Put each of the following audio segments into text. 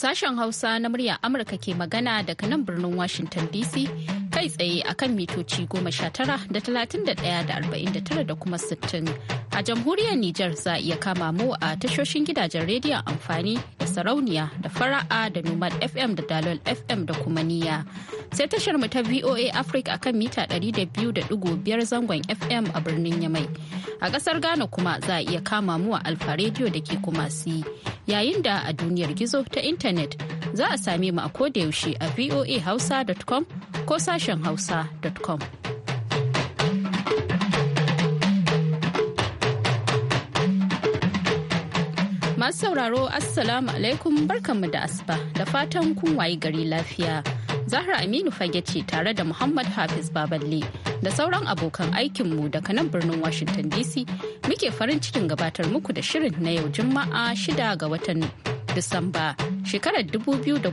Sashen Hausa na muryar Amurka ke magana daga nan birnin Washington DC kai tsaye akan mitoci goma sha tara da talatin da ɗaya da arba'in da tara da kuma sittin. A jamhuriyar Nijar za a iya kama mu a tashoshin gidajen rediyon amfani da sarauniya da fara'a da Nomad FM da Dalol FM da kuma niya. Sai tashar mu ta VOA Africa akan mita 200.5 zangon FM a birnin Yamai. A ƙasar Ghana kuma za a iya kama mu a Alfa Radio da ke kuma si. Yayin da a duniyar gizo ta intanet za a same mu a kodayaushe a voahausa.com ko sashen hausa.com. Masu sauraro Assalamu alaikum barkanmu da asuba da fatan kun wayi gari lafiya. Zahra Aminu fage ce tare da Muhammad Hafiz Baballe da sauran abokan aikinmu daga nan birnin Washington DC muke farin cikin gabatar muku da shirin na yau Juma'a shida ga watan Disamba shekarar 2019.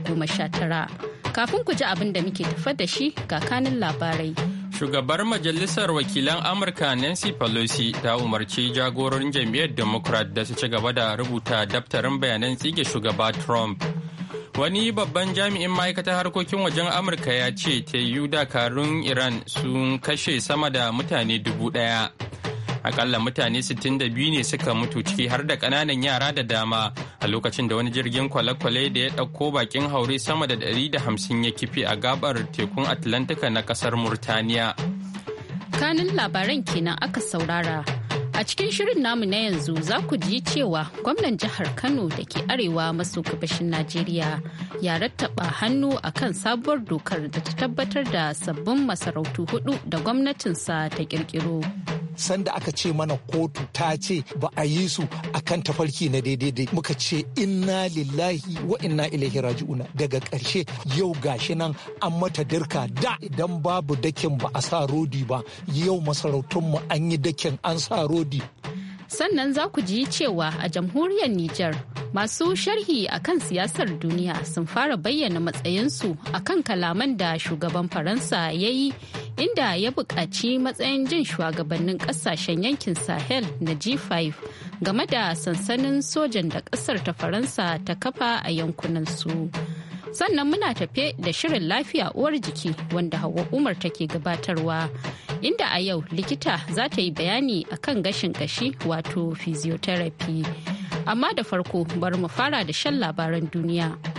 Kafin ku ji abin da muke tafa da shi ga kanin labarai. Shugabar Majalisar Wakilan Amurka Nancy Pelosi ta umarci jagororin jam'iyyar Democrat da su ci gaba da rubuta daftarin bayanan tsige shugaba Trump. Wani babban jami'in ma'aikatar harkokin wajen Amurka ya ce ta yi dakarun Iran sun kashe sama da mutane dubu ɗaya. akalla mutane 62 ne suka mutu ciki har da kananan yara da dama a lokacin da wani jirgin kwale-kwale da ya ɗauko bakin haure sama da 150 ya kifi a gabar tekun atlantika na kasar murtaniya kanin labaran kenan aka saurara a cikin shirin namu na yanzu za ku ji cewa gwamnan jihar kano da ke arewa maso gabashin najeriya ya rattaba hannu a kan sabuwar dokar da ta tabbatar da sabbin masarautu hudu da gwamnatinsa ta kirkiro. sanda aka ce mana kotu ta ce ba a yi su a kan tafarki na daidai muka ce inna lillahi wa inna ilaihi raji'una daga ƙarshe yau gashi nan an mata dirka da idan babu dakin ba a sa rodi ba yau masarautunmu an yi dakin an sa rodi sannan za ku ji cewa a jamhuriyar Nijar masu sharhi a kan siyasar duniya sun fara bayyana matsayinsu a kan kalaman da shugaban Faransa ya yi inda ya buƙaci matsayin jin shugabannin ƙasashen yankin Sahel na G5 game da sansanin sojan da ƙasar ta Faransa ta kafa a yankunansu. Sannan muna tafe da shirin lafiya uwar jiki wanda Hauwa Umar take gabatarwa, inda a yau likita za ta yi bayani akan gashin gashi wato physiotherapy. Amma da farko bari mu fara da shan labaran duniya.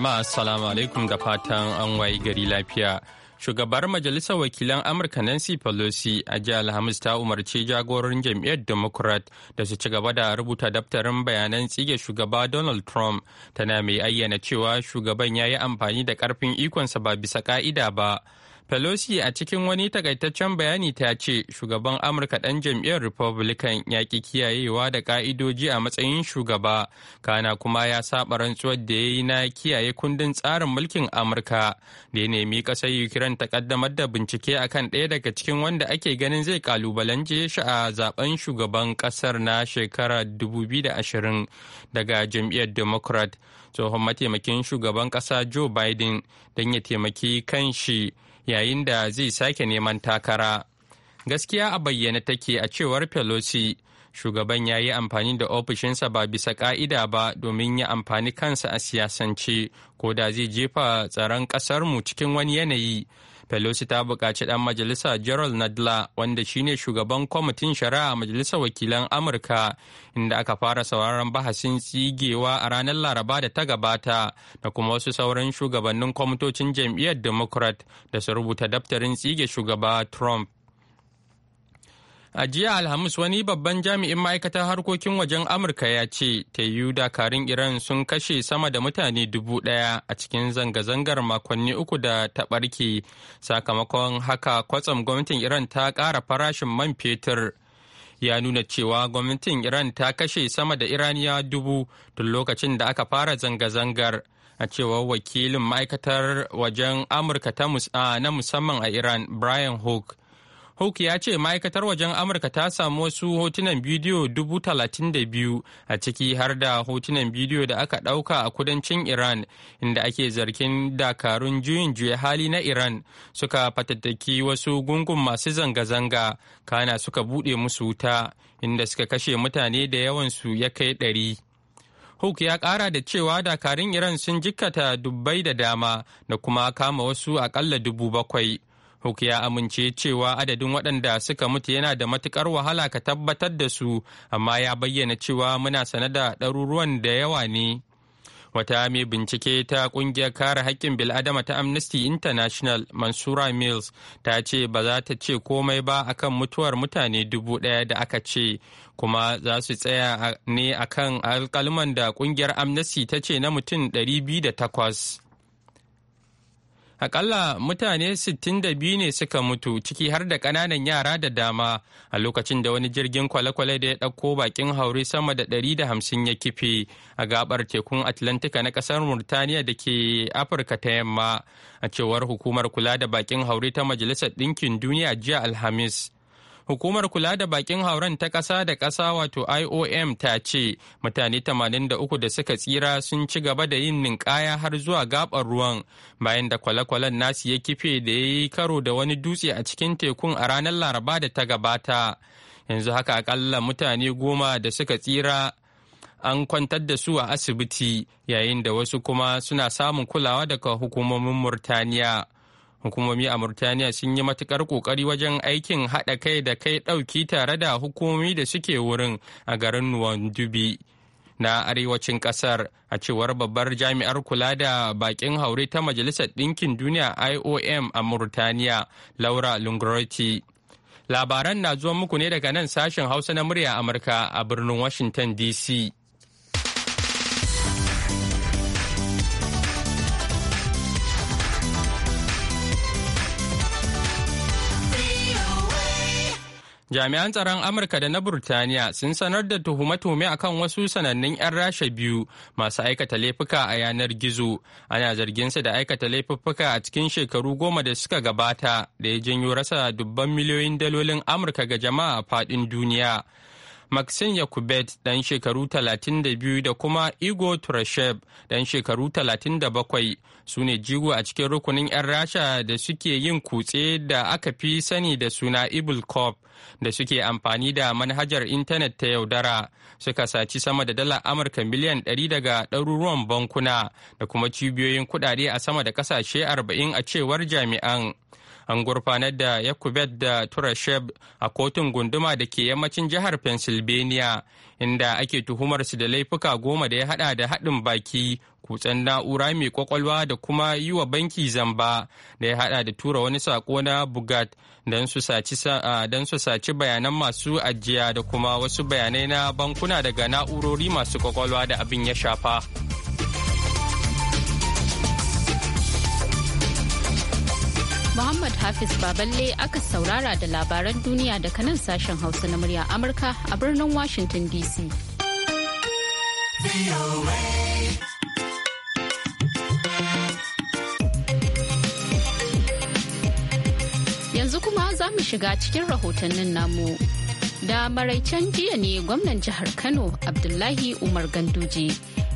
jama'a assalamu alaikum da fatan an wayi gari lafiya. Shugabar Majalisar Wakilan Amurka Nancy Pelosi a jiya Alhamis ta umarci jagororin jam'iyyar Democrat da su ci gaba da rubuta daftarin bayanan tsige shugaba Donald Trump tana mai ayyana cewa shugaban ya yi amfani da karfin ikonsa ba bisa ka'ida ba Pelosi a cikin wani takaitaccen bayani ta ce shugaban Amurka ɗan jam'iyyar Republican ya ki kiyayewa da ƙa'idoji a matsayin shugaba, kana kuma ya saba rantsuwar da ya yi na kiyaye kundin tsarin mulkin Amurka da ya nemi ƙasar Ukraine ta ƙaddamar da bincike akan ɗaya daga cikin wanda ake ganin zai ƙalubalance shi a zaben shugaban ƙasar na shekarar 2020 daga jam'iyyar Democrat. tsohon mataimakin shugaban kasa joe biden don ya taimaki kanshi yayin da zai sake neman takara gaskiya a bayyana take a cewar pelosi shugaban ya yi amfani da ofishinsa ba bisa ka'ida ba domin ya amfani kansa a siyasance ko da zai jefa tsaron ƙasarmu cikin wani yanayi Pelosi ta buƙaci ɗan majalisa Gerald Nadler wanda shine shugaban kwamitin shari'a a majalisar wakilan Amurka inda aka fara sauraron bahasin tsigewa a ranar Laraba da ta gabata da kuma wasu sauran shugabannin kwamitocin jam'iyyar Democrat da su rubuta daftarin tsige shugaba Trump. A jiya Alhamis wani babban jami'in ma'aikatar harkokin wajen Amurka ya ce ta dakarun Iran sun kashe sama da mutane dubu ɗaya a cikin zanga-zangar makonni uku da ta ɓarke sakamakon haka kwatsam gwamnatin Iran ta kara farashin man fetur. ya nuna cewa gwamnatin Iran ta kashe sama da Iraniya dubu tun lokacin da aka fara zanga-zangar. A cewar wakilin ma'aikatar wajen Amurka ta na musamman a Iran, Brian Hook, Hoke ya ce ma'aikatar wajen Amurka ta samu wasu hotunan bidiyo dubu talatin da biyu a ciki har da hotunan bidiyo da aka ɗauka a kudancin Iran inda ake zargin dakarun juyin juya hali na Iran suka fatattaki wasu gungun masu zanga-zanga kana suka buɗe musu wuta inda suka kashe mutane da yawansu ya kai ɗari. Hook ya kara da cewa dakarun Iran sun jikkata dubbai da dama da kuma kama wasu akalla dubu bakwai. huk ya amince cewa adadin waɗanda suka mutu yana da matukar wahala ka tabbatar da su, amma ya bayyana cewa muna sane da ɗaruruwan da yawa ne. Wata mai bincike ta ƙungiyar kare haƙƙin bil'adama ta Amnesty International, Mansura Mills, ta ce ba za ta ce komai ba akan mutuwar mutane dubu ɗaya da aka ce, kuma za su tsaya ne akan alƙalman da ƙungiyar Amnesty ta ce na mutum ɗari biyu da takwas akalla mutane 62 ne suka mutu ciki har da kananan yara da dama a lokacin da wani jirgin kwale-kwale da ya ɗauko bakin haure sama da 150 ya kife a gabar tekun atlantika na ƙasar murtaniya da ke afirka ta yamma a cewar hukumar kula da bakin haure ta majalisar ɗinkin duniya jiya alhamis Hukumar kula da bakin hauren ta ƙasa da ƙasa wato IOM ta ce mutane 83 da suka tsira sun ci gaba da yin ninkaya har zuwa gabar ruwan bayan da kwale-kwalen nasu ya kife da ya yi karo da wani dutse a cikin tekun a ranar Laraba da ta gabata. Yanzu haka akalla mutane goma da suka tsira an kwantar da su a asibiti yayin da wasu kuma suna samun kulawa daga hukumomin Murtaniya. hukumomi a murtaniya sun yi matukar kokari wajen aikin haɗa kai da kai ɗauki tare da hukumomi da suke wurin a garin nuwandubi na arewacin ƙasar a cewar babbar jami'ar kula da bakin haure ta majalisar ɗinkin duniya iom a murtaniya laura lungroti labaran na zuwa muku ne daga nan sashen hausa na murya amurka a birnin washington dc Jami'an tsaron Amurka da na Burtaniya sun sanar da tuhume-tuhume akan wasu sanannun 'yan rasha biyu masu aikata laifuka a yanar gizo. Ana zargin su da aikata laifuka a cikin shekaru goma da suka gabata da ya janyo rasa dubban miliyoyin dalolin Amurka ga jama'a a faɗin duniya. Maxine yakubet dan shekaru 32 da kuma igor Trashev dan shekaru 37 su ne jigo a cikin rukunin 'yan rasha da suke yin kutse da aka fi sani da suna evil corp da suke amfani da manhajar intanet ta yaudara suka saci sama da dala amurka miliyan 100 daga ɗaruruwan bankuna da kuma cibiyoyin kudade a sama da kasashe 40 a cewar jami'an an gurfanar da yakubet da turashev a kotun gunduma da ke yammacin jihar pennsylvania inda ake tuhumar su da laifuka goma da ya hada da haɗin baki kutsen na'ura mai kwakwalwa da kuma yi wa banki zamba da ya hada da tura wani sako na bugat don su saci bayanan masu ajiya da kuma wasu bayanai na bankuna daga na'urori masu kwakwalwa da abin ya shafa. Muhammad Hafiz Baballe aka saurara da labaran duniya daga nan sashen Hausa na murya Amurka a birnin Washington DC. Yanzu kuma za mu shiga cikin rahotannin namu. Da maraicen jiya ne gwamnan jihar Kano Abdullahi Umar Ganduje.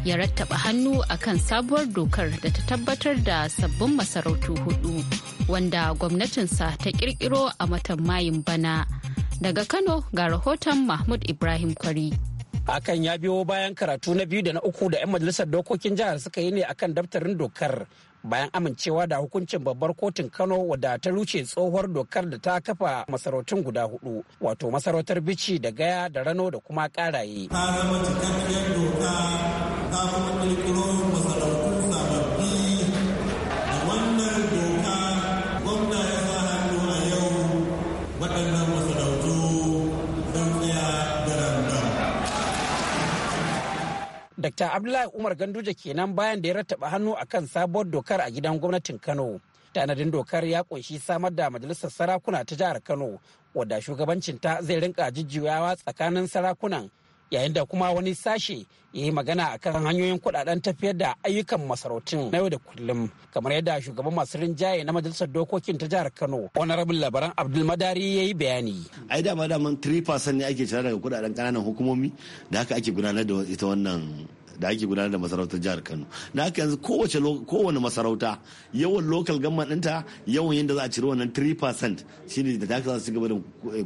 ya rattaba hannu a kan sabuwar dokar da ta tabbatar da sabbin masarautu hudu wanda gwamnatinsa ta kirkiro a matan mayin bana daga kano ga rahoton mahmud ibrahim kwari hakan ya biyo bayan karatu na biyu da na uku da 'yan majalisar dokokin jihar suka yi ne akan daftarin dokar bayan amincewa da hukuncin babbar kotun kano wadda ta ruce tsohuwar dokar da ta kafa masarautun guda hudu wato masarautar bici da gaya da rano da kuma karaye. ta zama cikakken doka ta kuma masarautu Dr. Abdullahi Umar Ganduje kenan bayan da ya rattaba hannu akan sabuwar dokar a gidan gwamnatin Kano. Tanadin dokar ya ƙunshi samar da majalisar sarakuna ta jihar Kano wadda shugabancinta zai rinka jijjiyawa tsakanin sarakunan yayin da kuma wani sashe ya yi magana a kan hanyoyin kudaden tafiyar da ayyukan masarautun na yau da kullum kamar yadda shugaban masu rinjaye na majalisar dokokin ta jihar kano rabin labaran abdulmadari ya yi bayani ai da ma daman 3% ne ake cira daga kudaden kananan hukumomi da haka ake gudanar da ita wannan da ake gudanar da masarautar jihar Kano da haka yanzu kowace kowane masarauta yawan local government ɗinta yawan yadda za a ciri wannan 3% shine da ta za su gaba da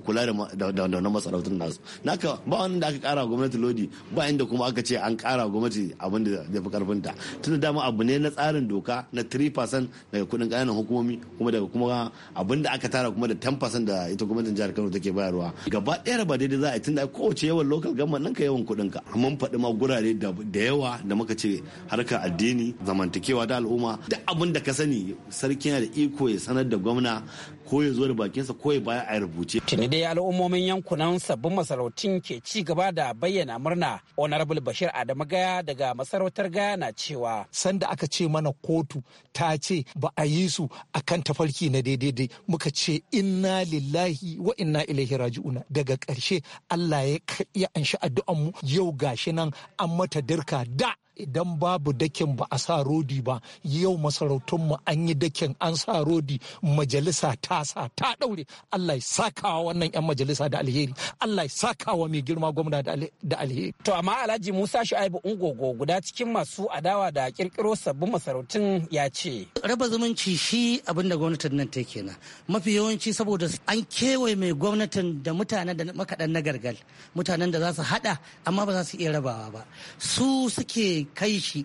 kula da wannan masarautar nasu na haka ba da aka kara gwamnati lodi ba inda kuma aka ce an kara gwamnati abin da zai fi karfin ta tunda dama abu ne na tsarin doka na 3% daga kudin kananan hukumomi kuma daga kuma abin da aka tara kuma da 10% da ita gwamnatin jihar Kano take bayarwa gaba ɗaya ba daidai za a yi tunda kowace yawan local government ɗinka yawan kudin ka mun faɗi ma gurare da da yawa da muka ce harkar addini zamantakewa da al'umma duk abin da ka sani sarki yana da iko ya sanar da gwamna ko ya zo da bakinsa ko ya baya a rubuce. Tuni dai al'ummomin yankunan sabbin masarautun ke ci gaba da bayyana murna. Honorable Bashir Adamu Gaya daga masarautar Gaya na cewa. Sanda aka ce mana kotu ta ce ba a yi su a kan tafarki na daidai muka ce inna lillahi wa inna ilaihi raji'una daga ƙarshe Allah ya anshi addu'anmu yau gashi nan an mata dirka da idan babu dakin ba a sa rodi ba yau masarautunmu an yi dakin an sa rodi majalisa ta sa ta daure Allah ya sakawa wannan 'yan majalisa da alheri Allah ya sakawa mai girma gwamna da alheri. To amma Alhaji Musa Shu'aibu Ungogo guda cikin masu adawa da kirkiro sabbin masarautun ya ce. Raba zumunci shi abinda gwamnatin nan ta kenan mafi yawanci saboda an kewaye mai gwamnatin da mutanen da makadan na gargal mutanen da za su haɗa amma ba za su iya rabawa ba su suke kai shi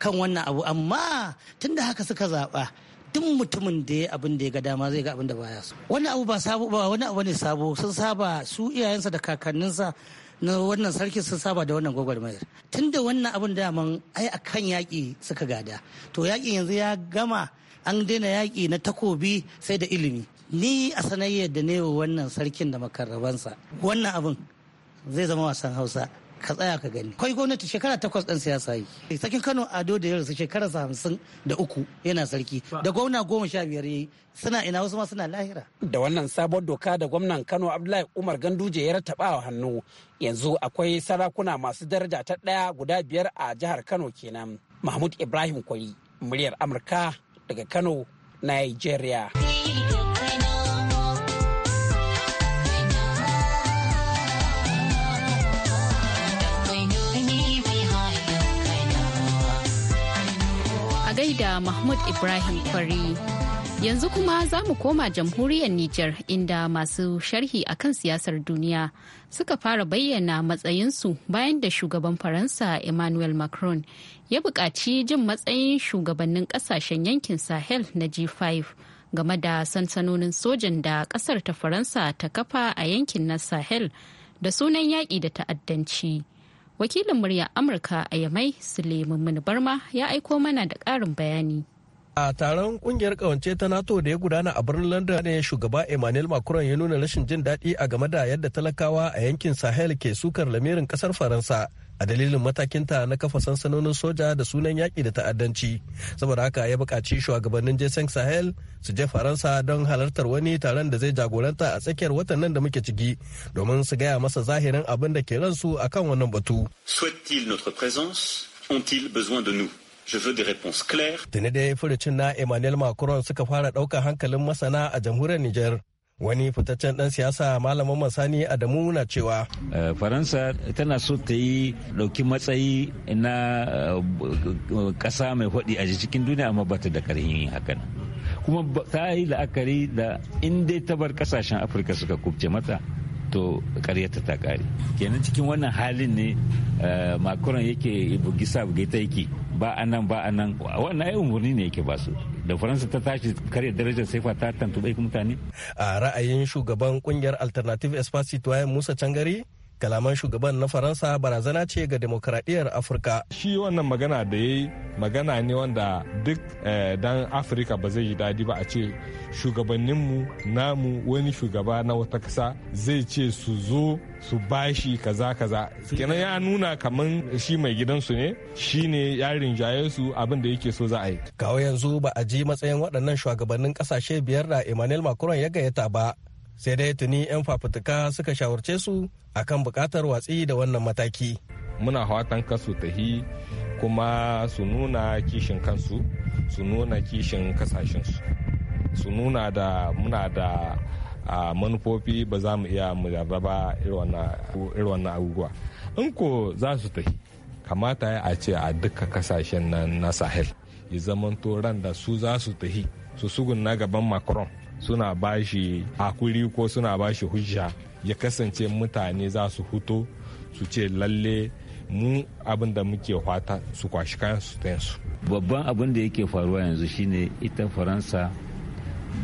kan wannan abu amma tunda haka suka zaɓa duk mutumin da ya abin da ya ga dama zai ga abin da baya so wani abu ba sabo ba wani abu ne sabo sun saba su iyayensa da kakanninsa na wannan sarki sun saba da wannan gwagwarmayar tun da wannan abin man ai a kan yaƙi suka gada to yaƙin yanzu ya gama an daina yaƙi na takobi sai da ilimi ni a sanayyar da ne wannan sarkin da makarrabansa wannan abin zai zama wasan hausa ka tsaya ka gani kai gwamnati shekara takwas ɗan siyasa yi sakin kano ado da yarsa shekara hamsin da uku yana sarki da gwamna goma sha biyar yayi suna ina wasu ma suna lahira da wannan sabon doka da gwamnan kano abdullahi umar ganduje ya a hannu yanzu akwai sarakuna masu daraja ta ɗaya guda biyar a jihar kano kenan mahmud ibrahim kwari muryar amurka daga kano nigeria da Mahmud Ibrahim Kwari. Yanzu kuma za mu koma jamhuriyar Nijar inda masu sharhi a kan siyasar duniya suka fara bayyana matsayinsu bayan da shugaban Faransa Emmanuel Macron ya buƙaci jin matsayin shugabannin ƙasashen yankin Sahel na G5 game da sansanonin sojan da ƙasar ta Faransa ta kafa a yankin na Sahel da sunan yaƙi da ta'addanci. wakilin murya amurka a yamai suleiman barma ya aiko mana da ƙarin bayani A taron kungiyar kawance ta NATO da ya gudana a birnin London ne shugaba Emmanuel Macron ya nuna rashin jin daɗi a game da yadda talakawa a yankin Sahel ke sukar lamirin ƙasar Faransa a dalilin matakinta na kafa sansanonin soja da sunan yaƙi da ta'addanci. Saboda haka ya buƙaci shugabannin Jason Sahel su je Faransa don halartar wani taron da zai jagoranta a tsakiyar watan nan da muke ciki domin su gaya masa zahirin abin da ke ransu akan wannan batu. Souhaitent-ils notre présence? Ont-ils besoin de nous? Je veux des réponses claires. dai furucin na Emmanuel Macron suka fara ɗaukar hankalin masana a jamhuriyar Nijar. Wani fitaccen ɗan siyasa malamin masani Adamu na cewa. Eh, Faransa tana so ta yi ɗauki matsayi na eh, ƙasa mai faɗi a cikin duniya amma ba ta da ƙarfin hakan. Kuma ta yi la'akari da inda dai ta bar ƙasashen Afirka suka kubce mata to karyata ta kare kenan cikin wannan halin ne eh, makuran yake bugisa ta yake ba a nan ba a nan wannan ai umarni ne yake basu da faransa ta tashi karya darajar saifa ta tantubai mutane a ra'ayin shugaban kungiyar alternative espace musa cangari kalaman shugaban na faransa barazana ce ga demokradiyyar afirka shi wannan magana da ya yi magana ne wanda duk eh, dan afirka ba zai yi daɗi ba a ce shugabanninmu namu wani shugaba na wata kasa zai ce su zo su bashi kaza kaza kenan ya nuna kaman shi mai gidansu ne shi ne ya rinjaye su abin da yake so za a yi kawo yanzu ba a ji matsayin waɗannan shugabannin ƙasashe biyar da emmanuel macron ya gayyata ba sai dai tuni 'yan fafutuka suka shawarce su akan bukatar watsi da wannan mataki muna hawatan kasu tahi kuma su nuna kishin kansu su nuna kishin kasashensu su nuna da muna da manufofi ba za mu iya mu jarraba irin wannan abubuwa in ko za su tahi kamata a ce a duka kasashen na sahel ya zamanto ran da su za su tahi su sugun na gaban macron suna bashi hakuri ko suna bashi hujja ya kasance mutane za su huto su ce lalle mu abin da muke fata su kwashi kayan su babban abin da yake faruwa yanzu shine ita faransa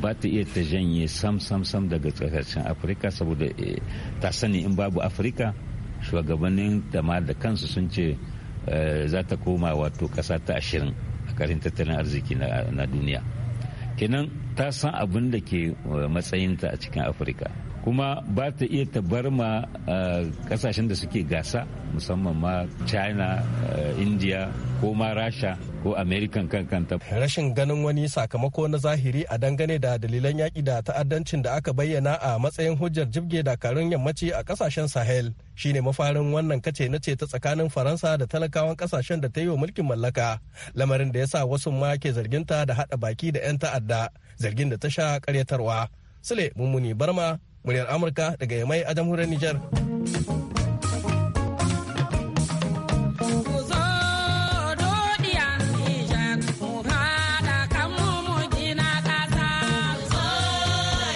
ba ta iya ta janye sam sam sam daga kasashen afirka saboda eh, ta sani in babu afirka shugabannin da ma da kansu sun ce eh, za ta koma wato kasa ta ashirin a karin tattalin arziki na duniya kenan ta san abin da ke eh, matsayinta a cikin afirka kuma ba ta iya tabarma ma eh, kasashen da suke gasa musamman ma china eh, india ko ma rasha ko american kankanta rashin ganin wani sakamako na zahiri a dangane da dalilan yaƙi da ta'addancin da aka bayyana a matsayin hujjar jibge dakarun yammaci a kasashen sahel shine mafarin wannan kace na ce ta tsakanin faransa da talakawan kasashen da ta yi wa mulkin mallaka lamarin da ya sa wasu ma ke zarginta da hada baki da 'yan ta'adda zargin da ta sha karyatarwa sule mummuni barma muryar amurka daga yamai a jamhuriyar nijar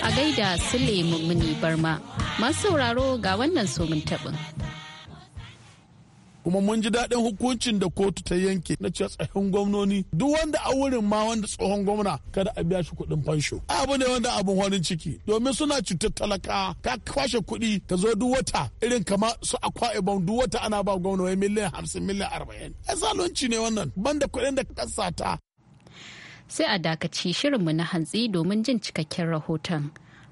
a gaida sule mummuni barma masu sauraro ga wannan somin taɓin kuma mun ji daɗin hukuncin da kotu ta yanke na cewa tsahin gwamnoni duk wanda a wurin ma wanda tsohon gwamna kada a biya shi kuɗin fansho abu ne wanda abin wani ciki domin suna cutar talaka ka kwashe kuɗi ka zo duk wata irin kama su akwa ibon duk wata ana ba gwamna wai miliyan hamsin miliyan arba'in ya zalunci ne wannan banda kuɗin da ka sata sai a dakaci shirinmu na hantsi domin jin cikakken rahoton.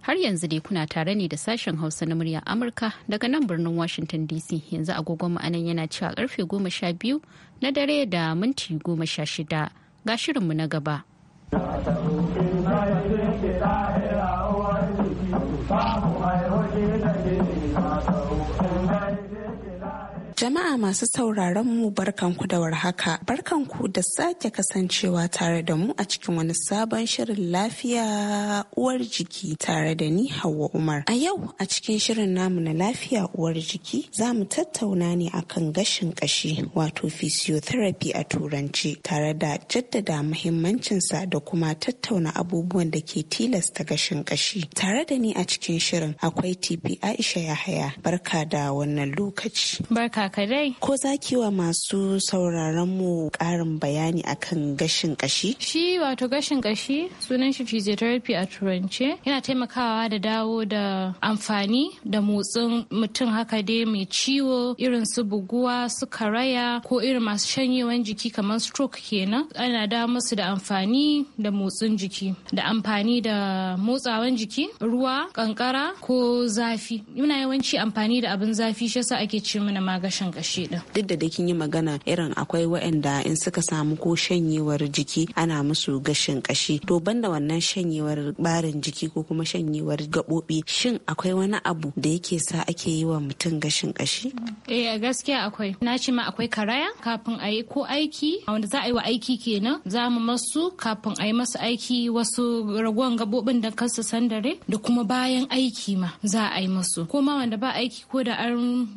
har yanzu dai kuna tare ne da sashen hausa na murya amurka daga nan birnin washington dc yanzu agogon ma'anan yana cewa karfe goma na dare da minti goma ga shirinmu na gaba Jama'a masu sauraron mu barkanku da warhaka. Barkanku da sake kasancewa tare da mu a cikin wani sabon shirin lafiya uwar jiki tare da ni Hauwa Umar. A yau a cikin shirin namu na lafiya uwar jiki za mu tattauna ne akan gashin kashi wato physiotherapy a turanci tare da jaddada muhimmancinsa da kuma tattauna abubuwan da ke tilasta gashin kashi. Tare da ni a cikin shirin akwai TP Aisha Yahaya. Barka da wannan lokaci. Barka barka Ko za ki wa masu sauraron mu ƙarin bayani akan gashin kashi? Shi wato gashin kashi sunan shi physiotherapy a turance yana taimakawa da dawo da amfani da motsin mutum haka dai mai ciwo irin su buguwa su karaya ko irin masu shanyewan jiki kamar stroke kenan ana da musu da amfani da motsin jiki da amfani da motsawan jiki ruwa kankara ko zafi muna yawanci amfani da abin zafi shi yasa ake ce mana magashin gashin kashi din duk da dakin yi magana irin akwai waɗanda in suka samu ko shanyewar jiki ana musu gashin kashi to banda wannan shanyewar barin jiki ko kuma shanyewar gaɓoɓi shin akwai wani abu da yake sa ake yi wa mutum gashin kashi eh gaskiya akwai na ce ma akwai karaya kafin a yi ko aiki wanda za a yi wa aiki kenan za mu masu kafin a yi masu aiki wasu ragon gabobin da kansu sandare da kuma bayan aiki ma za a yi masu ko ma wanda ba aiki ko da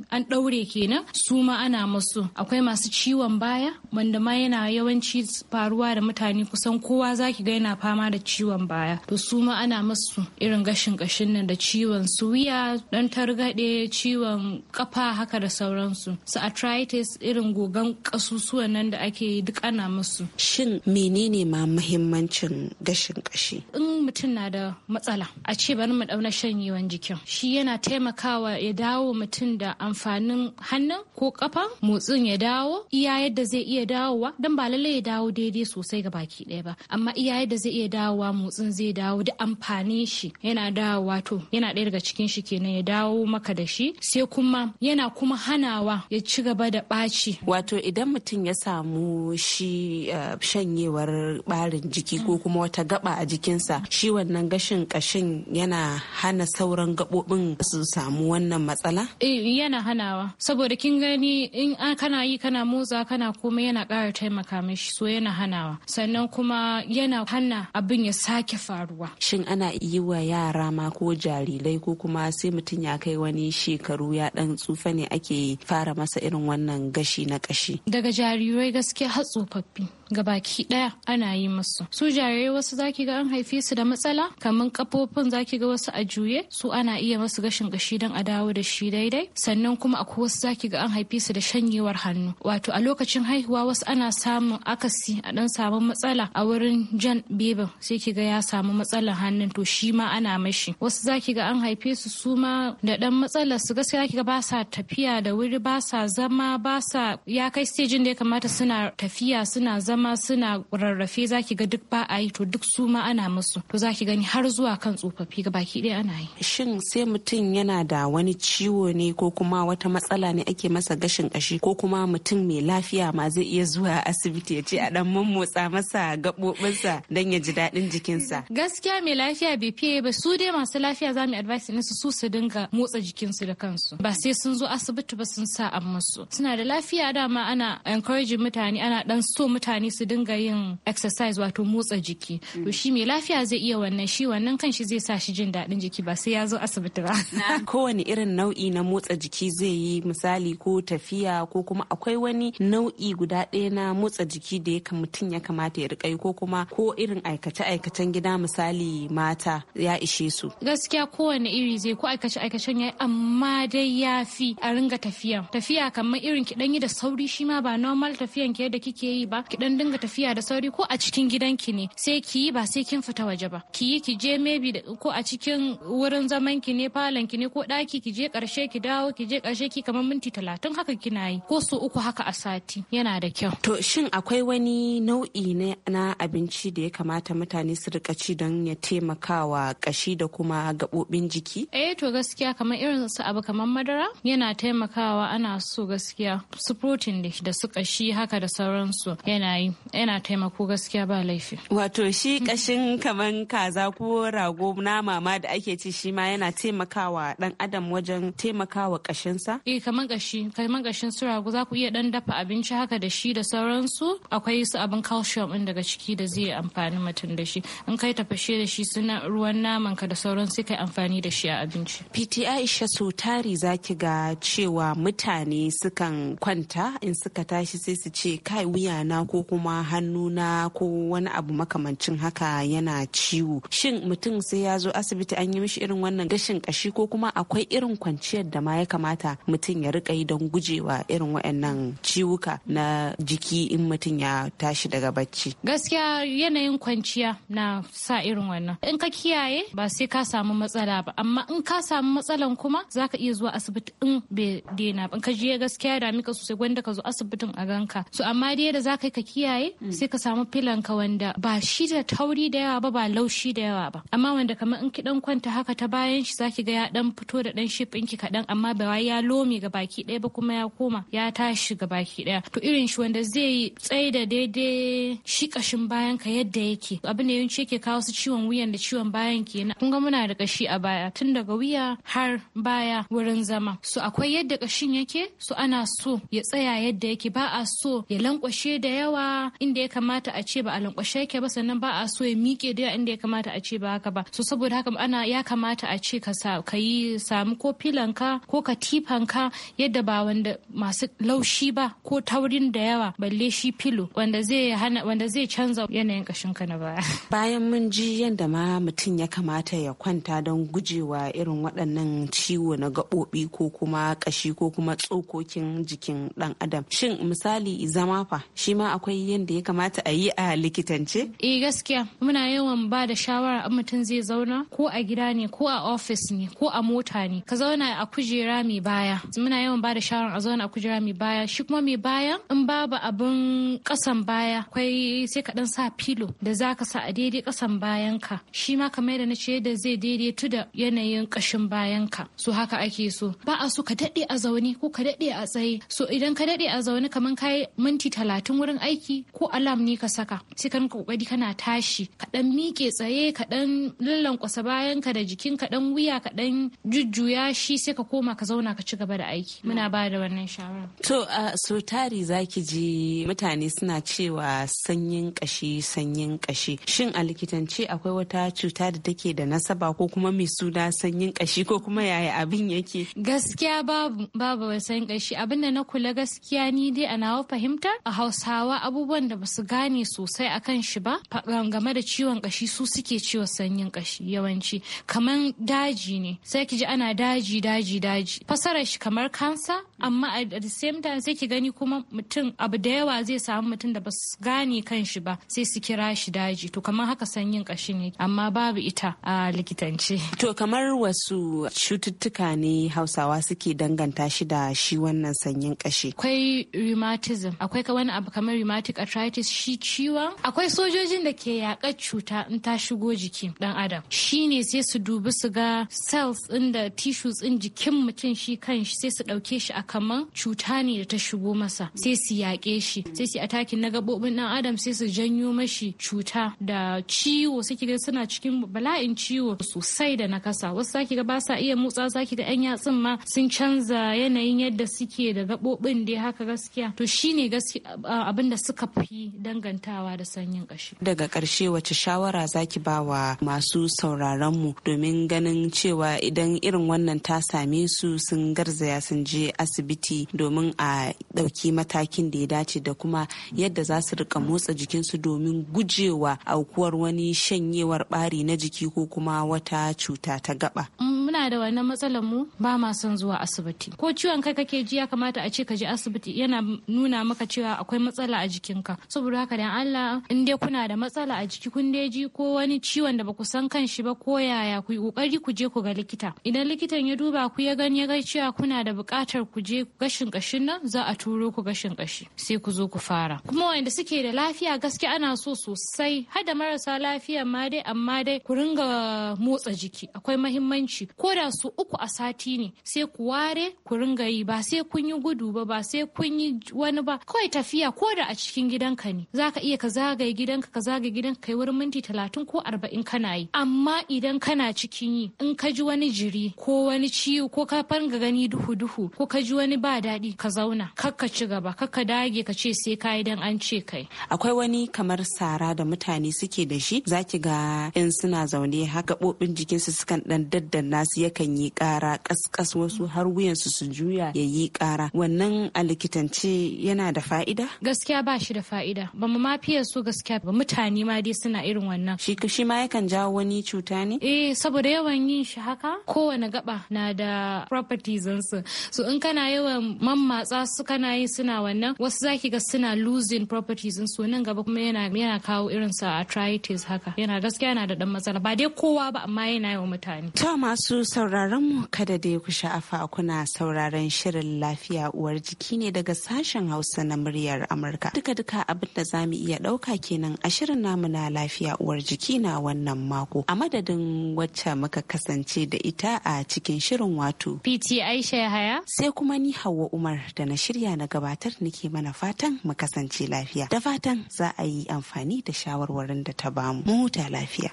an ɗaure kenan su ma ana musu akwai masu ciwon baya wanda ma yana yawanci faruwa da mutane kusan kowa zaki ga yana fama da ciwon baya to su ma ana musu irin gashin kashin nan da ciwon su wuya dan targade ciwon kafa haka da sauransu su arthritis irin gogan kasusuwan nan da ake duk ana musu shin menene ma muhimmancin gashin kashi in mutum na da matsala a ce bari mu dauna shanyewan jikin shi yana taimakawa ya dawo mutum da amfanin hannun ko kafa motsin ya dawo iya yadda zai iya dawowa don ba lallai ya dawo daidai sosai ga baki ɗaya ba amma iya yadda zai iya dawowa motsin zai dawo da amfani shi yana dawowa to yana ɗaya daga cikin shi kenan ya dawo maka da shi sai kuma yana kuma hanawa ya ci gaba da ɓaci. Wato idan mutum ya samu shi eh, shanyewar ɓarin jiki ko kuma wata gaba a jikinsa shi wannan gashin kashin yana hana sauran gaɓoɓin su samu wannan matsala? Eh, yana hanawa saboda kin gani in kana yi kana motsa kana komai yana ƙara taimaka mishi so yana hanawa sannan kuma yana hana abin ya sake faruwa shin ana yi wa yara ma ko jarirai ko kuma sai mutum ya kai wani shekaru ya dan tsufa ne ake fara masa irin wannan gashi na kashi daga jarirai gaskiya har tsofaffi baki daya ana yi musu su jarirai wasu zaki ga an haife su da matsala kamar kafofin zaki ga wasu a juye su ana iya masu gashin gashi don a dawo da shi daidai sannan kuma akwai wasu zaki ga an haife su da shanyewar hannu wato a lokacin haihuwa wasu ana samun akasi a dan samu matsala a wurin jan bebin sai ki ga ya samu matsalar hannun to shi ma ana mashi wasu zaki ga an haife su su ma da dan matsala su gaskiya ki ga ba sa tafiya da wuri ba sa zama ba sa ya kai stejin da ya kamata suna tafiya suna zama suna rarrafe zaki ga duk ba a yi to duk su ma ana musu to zaki gani har zuwa kan tsofaffi ga baki ɗaya ana yi shin sai mutum yana da wani ciwo ne ko kuma wata matsala ne ake ake masa gashin kashi ko kuma mutum mai lafiya ma zai iya zuwa asibiti ya ce a dan mummotsa masa gaɓoɓinsa don ya ji daɗin jikinsa. Gaskiya mai lafiya bai fiye ba su dai masu lafiya za mu advice su su su dinga motsa jikinsu da kansu ba sai sun zo asibiti ba sun sa an musu. Suna da lafiya dama ana encouraging mutane ana dan so mutane su dinga yin exercise wato motsa jiki. To shi mai lafiya zai iya wannan shi wannan kanshi zai sa shi jin daɗin jiki ba sai ya zo asibiti ba. Kowane irin nau'i na motsa jiki zai yi misali ko tafiya ko kuma akwai wani nau'i guda ɗaya na motsa jiki da ya mutum ya kamata ya riƙa ko kuma ko irin aikace-aikacen gida misali mata ya ishe su. Gaskiya kowane iri zai ko aikace-aikacen ya amma dai ya fi a ringa tafiya. Tafiya kamar irin ki yi da sauri shi ma ba normal tafiyan ki yadda kike yi ba ki dan dinga tafiya da sauri ko a cikin gidan ki ne sai ki yi ba sai kin fita waje ba. Ki yi ki je maybe ko a cikin wurin zaman ki ne falon ki ne ko ɗaki ki je ƙarshe ki dawo ki je ƙarshe ki kamar minti talatin haka kina yi ko su uku haka a sati yana da kyau. To shin akwai wani nau'i na abinci da ya kamata mutane su rika ci don ya taimakawa kashi da kuma gaɓoɓin jiki? Eh to gaskiya kamar irin su abu kamar madara yana taimakawa ana so gaskiya su protein da su kashi haka da sauransu yana yi yana taimako gaskiya ba laifi. Wato shi kashin kamar kaza ko rago na mama da ake ci shi ma yana taimakawa dan adam wajen taimakawa kashinsa? Eh kamar kashi shi kamar gashin su ragu za ku iya dan dafa abinci haka da shi da sauransu akwai su abin calcium din daga ciki da zai amfani mutum da shi in kai tafashe da shi suna ruwan naman ka da sauransu kai amfani da shi a abinci pti aisha so zaki ga cewa mutane sukan kwanta in suka tashi sai su ce kai wuyana ko kuma hannuna ko wani abu makamancin haka yana ciwo shin mutum sai ya zo asibiti an yi mishi irin wannan gashin kashi ko kuma akwai irin kwanciyar da ma ya kamata mutum ya rika yi yi don gujewa irin waɗannan ciwuka na jiki in mutum ya tashi daga bacci. Gaskiya yanayin kwanciya na sa irin wannan. In ka kiyaye ba sai ka samu matsala ba amma in ka samu matsalan kuma za ka iya zuwa asibiti in bai dena ba. ka je gaskiya da mika sosai gwanda ka zo asibitin a ganka. So amma dai da za ka ka kiyaye mm. sai ka samu filan ka wanda ba shi da tauri da yawa ba ba laushi da yawa ba. Amma wanda kamar in ki dan kwanta haka ta bayan shi za ki ga ya dan fito da dan shifin ki kaɗan amma ba ya lomi ga baki ɗaya ba kuma ya koma ya tashi ga baki ɗaya to irin shi wanda zai tsaye da daidai shi kashin bayan ka yadda yake abin da yawanci yake kawo su ciwon wuyan da ciwon bayan ke kun ga muna da kashi a baya tun daga wuya har baya wurin zama so akwai yadda kashin yake so ana so ya tsaya yadda yake ba a so ya lankwashe da yawa inda ya kamata a ce ba a lankwashe yake ba sannan ba a so ya miƙe da yawa inda ya kamata a ce ba haka ba so saboda haka ana ya kamata a ce ka yi samu ko filanka ko katifanka yadda da ba wanda masu laushi ba ko taurin da yawa balle shi filo wanda zai hana wanda zai canza yanayin kashin ka na baya bayan mun ji yadda ma mutum ya kamata ya kwanta don gujewa irin waɗannan ciwo na gaɓoɓi ko kuma ƙashi ko kuma tsokokin jikin ɗan adam shin misali zama fa shi ma akwai yadda ya kamata a yi a likitance eh gaskiya muna yawan ba da shawara in mutum zai zauna ko a gida ne ko a ofis ne ko a mota ne ka zauna a kujera mai baya muna yawan ba da shawaran a zauna a kujera mai baya shi kuma mai baya in babu abin kasan baya kwai sai ka dan sa filo da za ka sa a daidai kasan bayan ka shi ma kamar da na ce da zai daidaitu da yanayin kashin bayan ka so haka ake so ba a so ka daɗe a zaune ko ka daɗe a tsaye so idan ka daɗe a zaune kamar kai minti talatin wurin aiki ko alam ne ka saka sai ka rinka kokari kana tashi ka dan miƙe tsaye ka dan lallankwasa bayan ka da jikin ka dan wuya ka dan jujjuya shi sai ka koma ka zauna ka ci gaba da aiki muna ba da wannan shawara. To a so tari zaki ji mutane suna cewa sanyin kashi sanyin kashi shin a likitance akwai wata cuta da take da nasaba ko kuma mai suna sanyin kashi ko kuma yaya abin yake? Gaskiya babu babu sanyin kashi da na kula gaskiya ni dai a nawa fahimta a Hausawa abubuwan da basu gane sosai akan shi ba um, game da ciwon kashi su suke ciwo sanyin kashi yawanci kamar daji ne sai ki ji ana daji daji daji fasarar shi kamar kansa nasa amma at the same time sai ki gani kuma mutum abu da yawa zai samu mutum da ba su gane kan shi ba sai su kira shi daji to kamar haka sanyin kashi ne amma babu ita a likitance. To kamar wasu cututtuka ne hausawa suke danganta shi da shi wannan sanyin kashi. Akwai rheumatism akwai wani abu kamar rheumatic arthritis shi ciwon akwai sojojin da ke yakar cuta in ta shigo jiki dan adam shi ne sai su dubi su ga cells inda tissues in jikin mutum shi kanshi sai su ɗauki. ɗauke shi a kaman cuta ne da ta shigo masa sai su yaƙe shi sai su atakin na gaɓoɓin ɗan adam sai su janyo mashi cuta da ciwo sai ga suna cikin bala'in ciwo sosai da nakasa wasu zaki ga ba sa iya motsa zaki ga 'yan yatsun ma sun canza yanayin yadda suke da gaɓoɓin dai haka gaskiya to shine gaskiya abin da suka fi dangantawa da sanyin ƙashi daga ƙarshe wace shawara zaki ba wa masu sauraron mu domin ganin cewa idan irin wannan ta same su sun garzaya sun je je asibiti domin a ɗauki matakin da ya dace da kuma yadda za su rika motsa jikinsu domin gujewa aukuwar wani shanyewar ɓari na jiki ko kuma wata cuta ta gaba. muna da wannan matsalar mu ba ma son zuwa asibiti ko ciwon kai kake ji ya kamata a ce ka je asibiti yana nuna maka cewa akwai matsala a jikinka saboda haka dan Allah in dai kuna da matsala a jiki kun dai ji ko wani ciwon da baku san kan shi ba ko yaya ku kokari ku je ku ga likita idan likitan ya duba ku ya gani ya ga cewa kuna da buƙatar ku je gashin kashin nan za a turo ku gashin kashi sai ku zo ku fara kuma wanda suke da lafiya gaske ana so sosai har da marasa lafiya ma dai amma dai ku ringa motsa jiki akwai mahimmanci ko da su uku a sati ne sai ku ware ku ringa yi ba sai kun yi gudu ba ba sai kun yi wani ba kawai tafiya ko da a cikin gidanka ne za ka iya ka zagaye gidanka ka zagaye gidanka kai wurin minti talatin ko arba'in kana yi amma idan kana cikin yi in ka ji wani jiri ko wani ciwo ko ka farga gani duhu duhu ko ka ji wani ba daɗi ka zauna kar ka ci gaba kar ka dage ka ce sai ka yi dan an ce kai akwai wani kamar sara da mutane suke da shi zaki ga in suna zaune haka bobin jikinsu sukan dan daddanna su yakan yi ƙara kaskas wasu har wuyansu su juya ya yi ƙara wannan a likitance yana da fa'ida? Gaskiya ba shi da fa'ida ba mu ma fiye su gaskiya ba mutane ma dai suna irin wannan. Shi shi ma yakan jawo wani cuta ne? Eh saboda yawan yin shi haka kowane gaba na da properties su in kana yawan mammatsa su kana yi suna wannan wasu zaki ga suna losing properties su nan gaba kuma yana yana kawo irin sa arthritis haka yana gaskiya yana da dan matsala ba dai kowa ba amma yana yawan mutane. Ta masu sauraron mu kada dai ku sha'afa kuna sauraron shirin lafiya uwar jiki ne daga sashen Hausa na muryar Amurka. Duka-duka abin da zamu iya dauka kenan a shirin namu na lafiya uwar jiki na wannan mako. A madadin wacce muka kasance da ita a cikin shirin wato. PT Aisha haya? Sai kuma ni Hauwa Umar da na shirya na gabatar nake mana fatan mu kasance lafiya. Da fatan za a yi amfani da shawarwarin da ta bamu. Mu huta lafiya.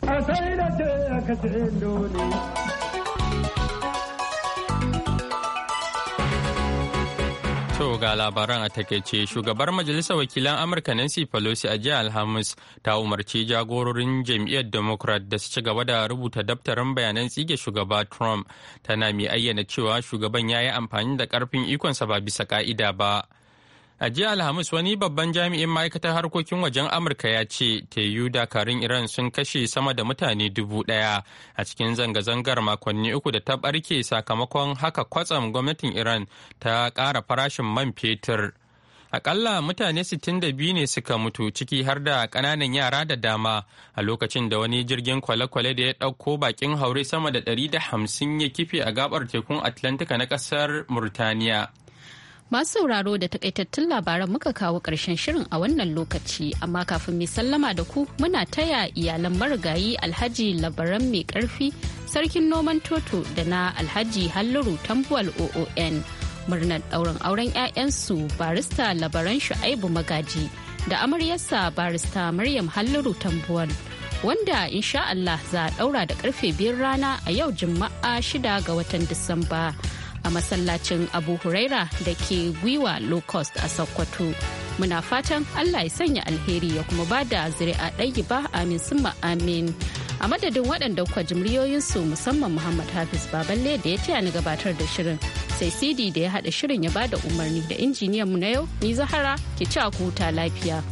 ga labaran a takaice shugabar majalisar wakilan Amurka Nancy Pelosi a jiya Alhamis ta umarci jagororin jam'iyyar Democrat da su ci gaba da rubuta daftarin bayanan tsige shugaba Trump tana mai ayyana cewa shugaban ya yi amfani da karfin ikonsa ba bisa ka'ida ba. A jiya Alhamis wani babban jami'in ma'aikatar harkokin wajen Amurka ya ce teyu dakarun Iran sun kashe sama da mutane dubu ɗaya a cikin zanga-zangar makonni uku da ta ɓarke sakamakon haka kwatsam gwamnatin Iran ta ƙara farashin man fetur. Akalla mutane da biyu ne suka mutu ciki har da ƙananan yara da dama a lokacin da wani jirgin kwale-kwale da ya ɗauko bakin haure sama da ɗari da hamsin ya kife a gabar tekun Atlantika na ƙasar Murtaniya. Masu sauraro da takaitattun labaran muka kawo ƙarshen shirin a wannan lokaci, amma kafin mai sallama da ku muna taya iyalan marigayi Alhaji labaran mai ƙarfi, sarkin noman toto da na Alhaji Halluru Tambuwal OON. Murnar ɗaurin auren 'ya'yansu barista labaran Shu'aibu Magaji da amaryarsa barista Maryam Halluru Tambuwal. Wanda insha Allah za a ɗaura da ƙarfe biyar rana a yau Juma'a shida ga watan Disamba. a masallacin Abu Huraira da ke gwiwa low cost a Sokoto. Muna fatan Allah ya sanya alheri ya kuma ba da zuri'a ɗaya ba amin summa amin. A madadin waɗanda kwa jimriyoyinsu musamman Muhammad Hafiz Baballe da ya taya ni gabatar da shirin. Sai CD da ya haɗa shirin ya ba da umarni da injiniyan mu na yau, ni Zahara, ki ci huta lafiya.